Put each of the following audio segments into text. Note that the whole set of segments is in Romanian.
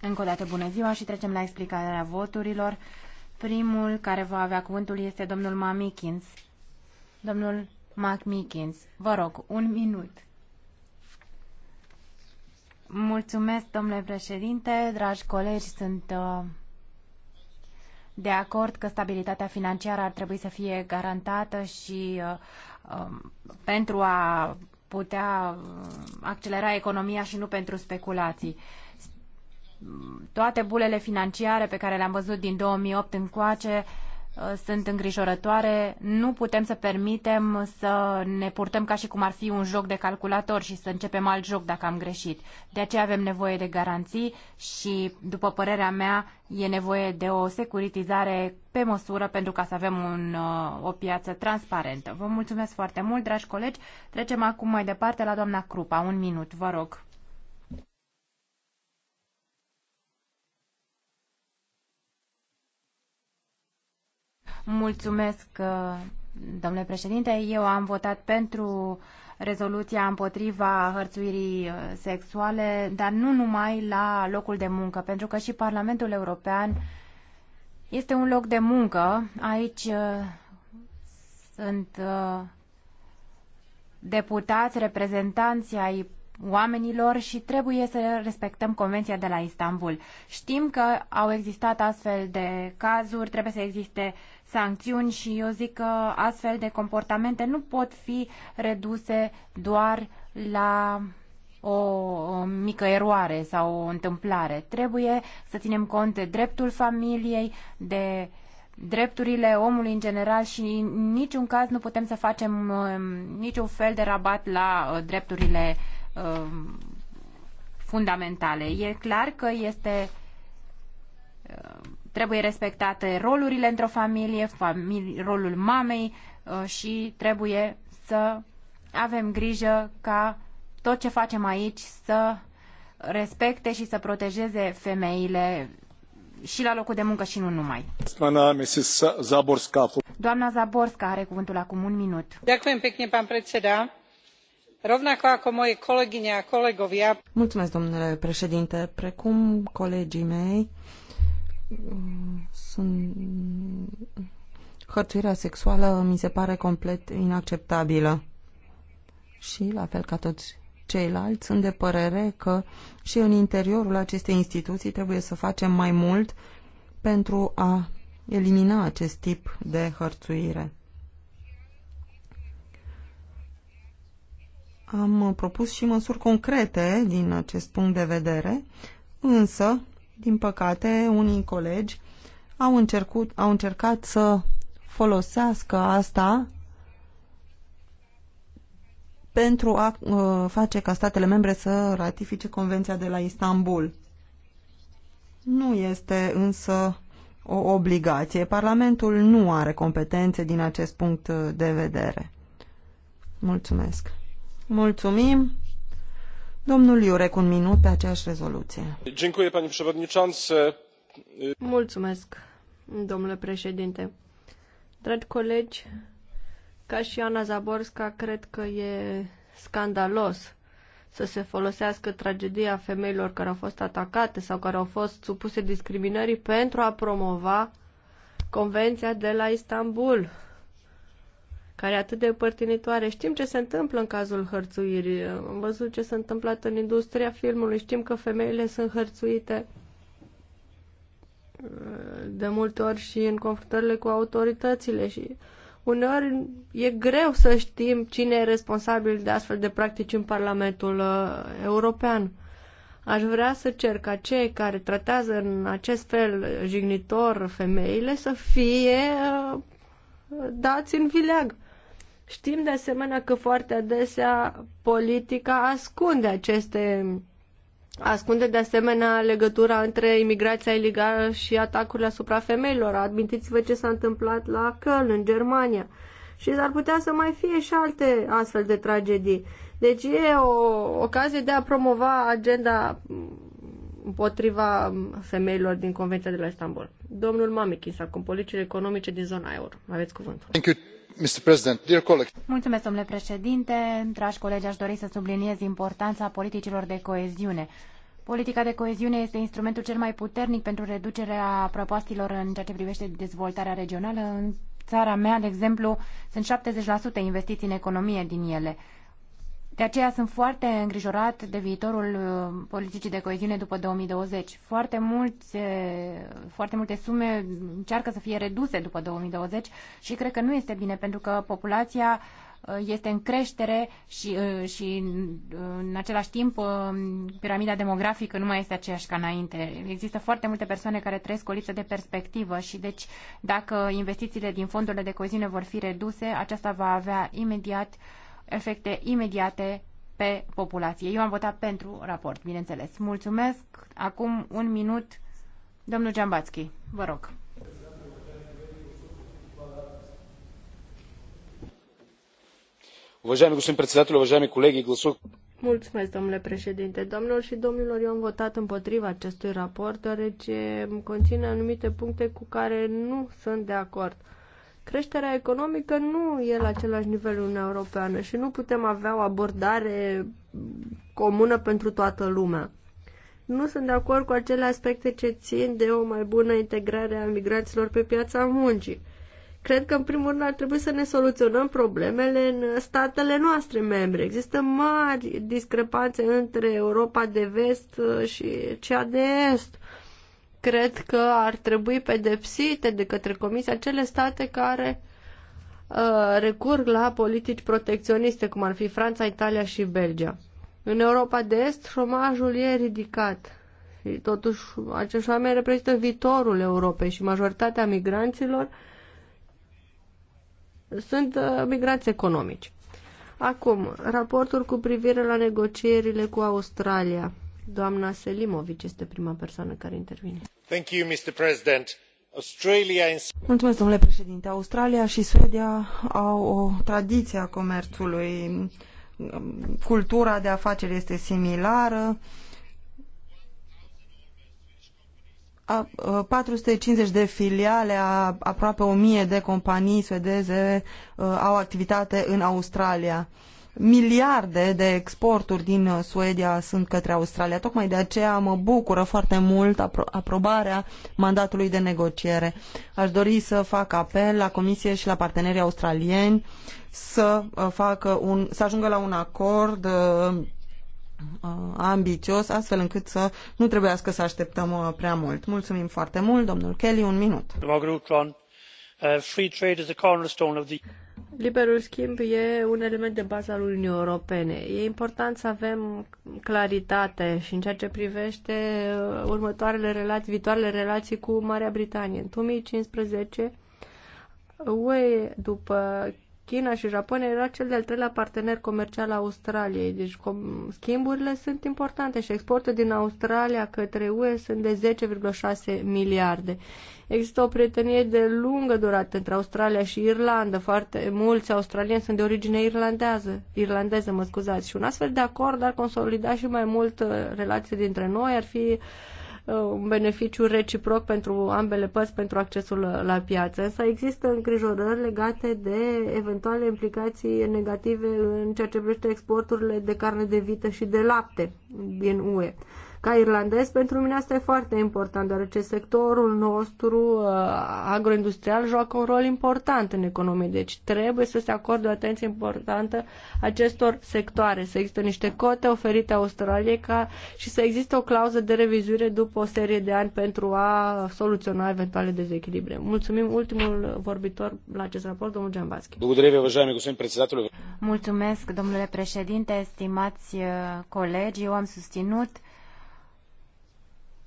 Încă o dată bună ziua și trecem la explicarea voturilor. Primul care va avea cuvântul este domnul Mamikins. Domnul Mamikins, vă rog, un minut. Mulțumesc, domnule președinte, dragi colegi, sunt uh, de acord că stabilitatea financiară ar trebui să fie garantată și uh, um, pentru a putea uh, accelera economia și nu pentru speculații. Toate bulele financiare pe care le-am văzut din 2008 încoace Uh, sunt îngrijorătoare. Nu putem să permitem să ne purtăm ca și cum ar fi un joc de calculator și să începem alt joc dacă am greșit. De aceea avem nevoie de garanții și, după părerea mea, e nevoie de o securitizare pe măsură pentru ca să avem un, uh, o piață transparentă. Vă mulțumesc foarte mult, dragi colegi. Trecem acum mai departe la doamna Crupa. Un minut, vă rog. Mulțumesc, uh, domnule președinte. Eu am votat pentru rezoluția împotriva hărțuirii uh, sexuale, dar nu numai la locul de muncă, pentru că și Parlamentul European este un loc de muncă. Aici uh, sunt deputați, reprezentanții ai oamenilor și trebuie să respectăm Convenția de la Istanbul. Știm că au existat astfel de cazuri, trebuie să existe sancțiuni și eu zic că astfel de comportamente nu pot fi reduse doar la o mică eroare sau o întâmplare. Trebuie să ținem cont de dreptul familiei, de drepturile omului în general și în niciun caz nu putem să facem um, niciun fel de rabat la uh, drepturile um, fundamentale. E clar că este Trebuie respectate rolurile într-o familie, familie, rolul mamei uh, și trebuie să avem grijă ca tot ce facem aici să respecte și să protejeze femeile și la locul de muncă și nu numai. Doamna Zaborska are cuvântul acum un minut. Mulțumesc, domnule președinte. Precum colegii mei, sunt hărțuirea sexuală mi se pare complet inacceptabilă. Și, la fel ca toți ceilalți, sunt de părere că și în interiorul acestei instituții trebuie să facem mai mult pentru a elimina acest tip de hărțuire. Am propus și măsuri concrete din acest punct de vedere, însă din păcate, unii colegi au, încercut, au încercat să folosească asta pentru a uh, face ca statele membre să ratifice Convenția de la Istanbul. Nu este însă o obligație. Parlamentul nu are competențe din acest punct de vedere. Mulțumesc. Mulțumim un minut Mulțumesc, domnule președinte. Dragi colegi, ca și Ana zborsk cred că e scandalos să se folosească tragedia femeilor care au fost atacate sau care au fost supuse discriminării pentru a promova Convenția de la Istanbul, care e atât de părtinitoare. Știm ce se întâmplă în cazul hărțuirii. Am văzut ce s-a întâmplat în industria filmului. Știm că femeile sunt hărțuite uh, de multe ori și în confruntările cu autoritățile și uneori e greu să știm cine e responsabil de astfel de practici în Parlamentul uh, European. Aș vrea să cer ca cei care tratează în acest fel jignitor femeile să fie uh, dați în vileag. Știm de asemenea că foarte adesea politica ascunde aceste ascunde de asemenea legătura între imigrația ilegală și atacurile asupra femeilor. Admitiți-vă ce s-a întâmplat la Köln, în Germania. Și s-ar putea să mai fie și alte astfel de tragedii. Deci e o ocazie de a promova agenda împotriva femeilor din Convenția de la Istanbul. Domnul Mamikis, acum politicile economice din zona euro. Aveți cuvântul. Thank you. Mr. President, dear Mulțumesc, domnule președinte. Dragi colegi, aș dori să subliniez importanța politicilor de coeziune. Politica de coeziune este instrumentul cel mai puternic pentru reducerea prăpastilor în ceea ce privește dezvoltarea regională. În țara mea, de exemplu, sunt 70% investiții în economie din ele. De aceea sunt foarte îngrijorat de viitorul uh, politicii de coeziune după 2020. Foarte, mulți, uh, foarte multe sume încearcă să fie reduse după 2020 și cred că nu este bine pentru că populația uh, este în creștere și, și în același timp piramida demografică nu mai este aceeași ca înainte. Există foarte multe persoane care trăiesc o lipsă de perspectivă și deci dacă investițiile din fondurile de coeziune vor fi reduse, aceasta va avea imediat uh, efecte imediate pe populație. Eu am votat pentru raport, bineînțeles. Mulțumesc. Acum un minut, domnul Giambatski. Vă rog. Уважаеми господин председател, уважаеми колеги, гласувах Mulțumesc, domnule președinte. Domnilor și domnilor, eu am votat împotriva acestui raport, deoarece conține anumite puncte cu care nu sunt de acord creșterea economică nu e la același nivel în Uniunea Europeană și nu putem avea o abordare comună pentru toată lumea. Nu sunt de acord cu acele aspecte ce țin de o mai bună integrare a migranților pe piața muncii. Cred că, în primul rând, ar trebui să ne soluționăm problemele în statele noastre membre. Există mari discrepanțe între Europa de vest uh, și cea de est cred că ar trebui pedepsite de către Comisia cele state care uh, recurg la politici protecționiste, cum ar fi Franța, Italia și Belgia. În Europa de Est, șomajul e ridicat. Și totuși, acești oameni reprezintă viitorul Europei și majoritatea migranților sunt uh, migranți economici. Acum, raportul cu privire la negocierile cu Australia. Doamna Selimovic este prima persoană care intervine. Thank you, Mr. President. Australia... Mulțumesc, domnule președinte. Australia și Suedia au o tradiție a comerțului. Cultura de afaceri este similară. 450 de filiale a aproape 1000 de companii suedeze au activitate în Australia miliarde de exporturi din uh, Suedia sunt către Australia. Tocmai de aceea mă bucură foarte mult apro aprobarea mandatului de negociere. Aș dori să fac apel la Comisie și la partenerii australieni să, uh, facă un, să ajungă la un acord uh, uh, ambițios, astfel încât să nu trebuiască să așteptăm prea mult. Mulțumim foarte mult, domnul Kelly, un minut. Liberul schimb e un element de bază al Uniunii Europene. E important să avem claritate și în ceea ce privește uh, următoarele relații, viitoarele relații cu Marea Britanie. În 2015, UE, după China și Japonia era cel de-al treilea partener comercial al Australiei, deci schimburile sunt importante și exportul din Australia către UE sunt de 10,6 miliarde. Există o prietenie de lungă durată între Australia și Irlanda. Foarte mulți australieni sunt de origine irlandeză, irlandeză mă scuzați, și un astfel de acord ar consolida și mai mult uh, relații dintre noi, ar fi uh, Uh, un beneficiu reciproc pentru ambele părți pentru accesul la piață, însă există îngrijorări legate de eventuale implicații negative în ceea ce privește exporturile de carne de vită și de lapte din UE. Ca irlandez, pentru mine asta e foarte important, deoarece sectorul nostru uh, agroindustrial joacă un rol important în economie, deci trebuie să se acorde o atenție importantă acestor sectoare, să există niște cote oferite Australiei ca, și să existe o clauză de revizuire după o serie de ani pentru a soluționa eventuale dezechilibre. Mulțumim ultimul vorbitor la acest raport, domnul Giambaschi. Mulțumesc, domnule președinte, stimați uh, colegi, eu am susținut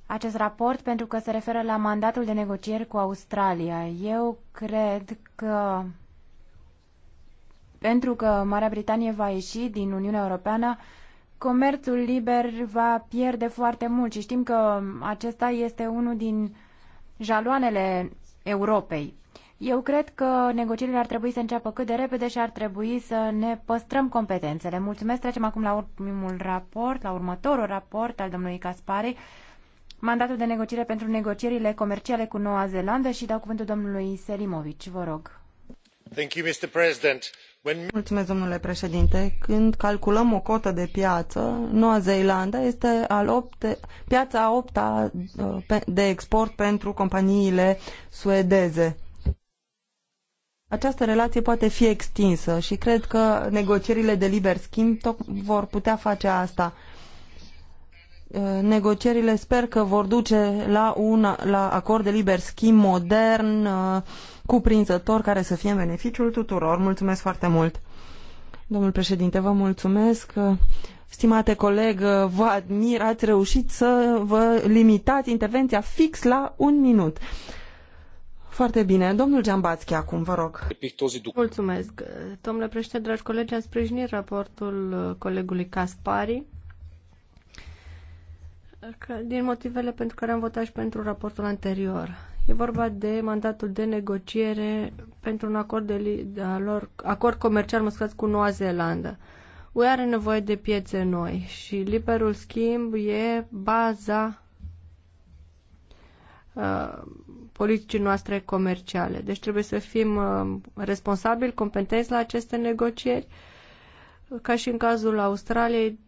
acest raport pentru că se referă la mandatul de negocieri cu Australia. Eu cred că pentru că Marea Britanie va ieși din Uniunea Europeană, comerțul liber va pierde foarte mult și știm că acesta este unul din jaloanele Europei. Eu cred că negocierile ar trebui să înceapă cât de repede și ar trebui să ne păstrăm competențele. Mulțumesc, trecem acum la ultimul raport, la următorul raport al domnului Caspari, mandatul de negociere pentru negocierile comerciale cu Noua Zeelandă și dau cuvântul domnului Selimovic. Vă rog. Mulțumesc, domnule președinte. Când calculăm o cotă de piață, Noua Zeelandă este al opte, piața a opta uh, de export pentru companiile suedeze. Această relație poate fi extinsă și cred că negocierile de liber schimb vor putea face asta Uh, negocierile sper că vor duce la un la acord de liber schimb modern, uh, cuprinzător, care să fie în beneficiul tuturor. Mulțumesc foarte mult! Domnul președinte, vă mulțumesc. Uh, stimate coleg, vă admir, ați reușit să vă limitați intervenția fix la un minut. Foarte bine. Domnul Giambațchi, acum, vă rog. Mulțumesc. Domnule președinte, dragi colegi, am sprijinit raportul colegului Caspari din motivele pentru care am votat și pentru raportul anterior. E vorba de mandatul de negociere pentru un acord, de, de lor, acord comercial măscat cu Noua Zeelandă. UE are nevoie de piețe noi și liberul schimb e baza uh, politicii noastre comerciale. Deci trebuie să fim uh, responsabili, competenți la aceste negocieri. Ca și în cazul Australiei,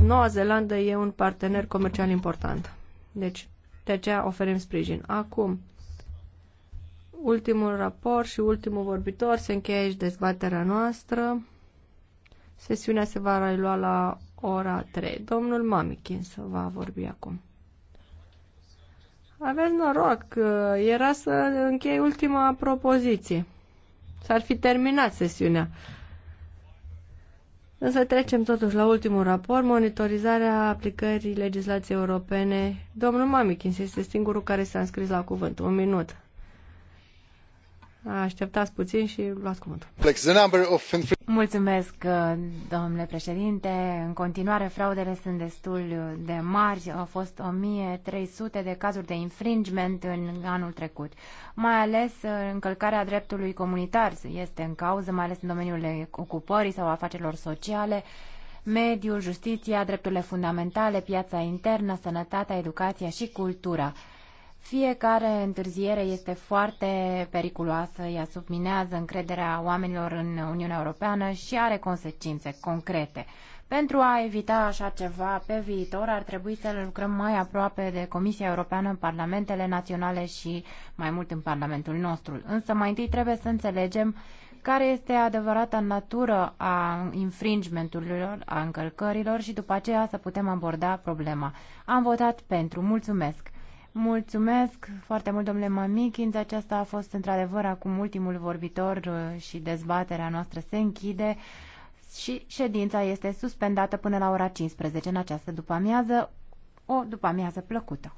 Noua Zeelandă e un partener comercial important. Deci, de aceea oferim sprijin. Acum, ultimul raport și ultimul vorbitor, se încheie aici dezbaterea noastră. Sesiunea se va relua la ora 3. Domnul să va vorbi acum. Aveți noroc, era să închei ultima propoziție. S-ar fi terminat sesiunea. Însă trecem totuși la ultimul raport, monitorizarea aplicării legislației europene. Domnul Mamichins este singurul care s-a înscris la cuvânt. Un minut. Așteptați puțin și luați cuvântul. Mulțumesc, uh, domnule președinte. În continuare, fraudele sunt destul de mari. Au fost 1300 de cazuri de infringement în anul trecut. Mai ales uh, încălcarea dreptului comunitar este în cauză, mai ales în domeniul ocupării sau afacerilor sociale mediul, justiția, drepturile fundamentale, piața internă, sănătatea, educația și cultura. Fiecare întârziere este foarte periculoasă, ea subminează încrederea oamenilor în Uniunea Europeană și are consecințe concrete. Pentru a evita așa ceva pe viitor, ar trebui să lucrăm mai aproape de Comisia Europeană în parlamentele naționale și mai mult în Parlamentul nostru. Însă mai întâi trebuie să înțelegem care este adevărata natură a infringementurilor, a încălcărilor și după aceea să putem aborda problema. Am votat pentru. Mulțumesc! Mulțumesc foarte mult, domnule Mamichins. Aceasta a fost într-adevăr acum ultimul vorbitor uh, și dezbaterea noastră se închide și ședința este suspendată până la ora 15 în această după-amiază. O după-amiază plăcută!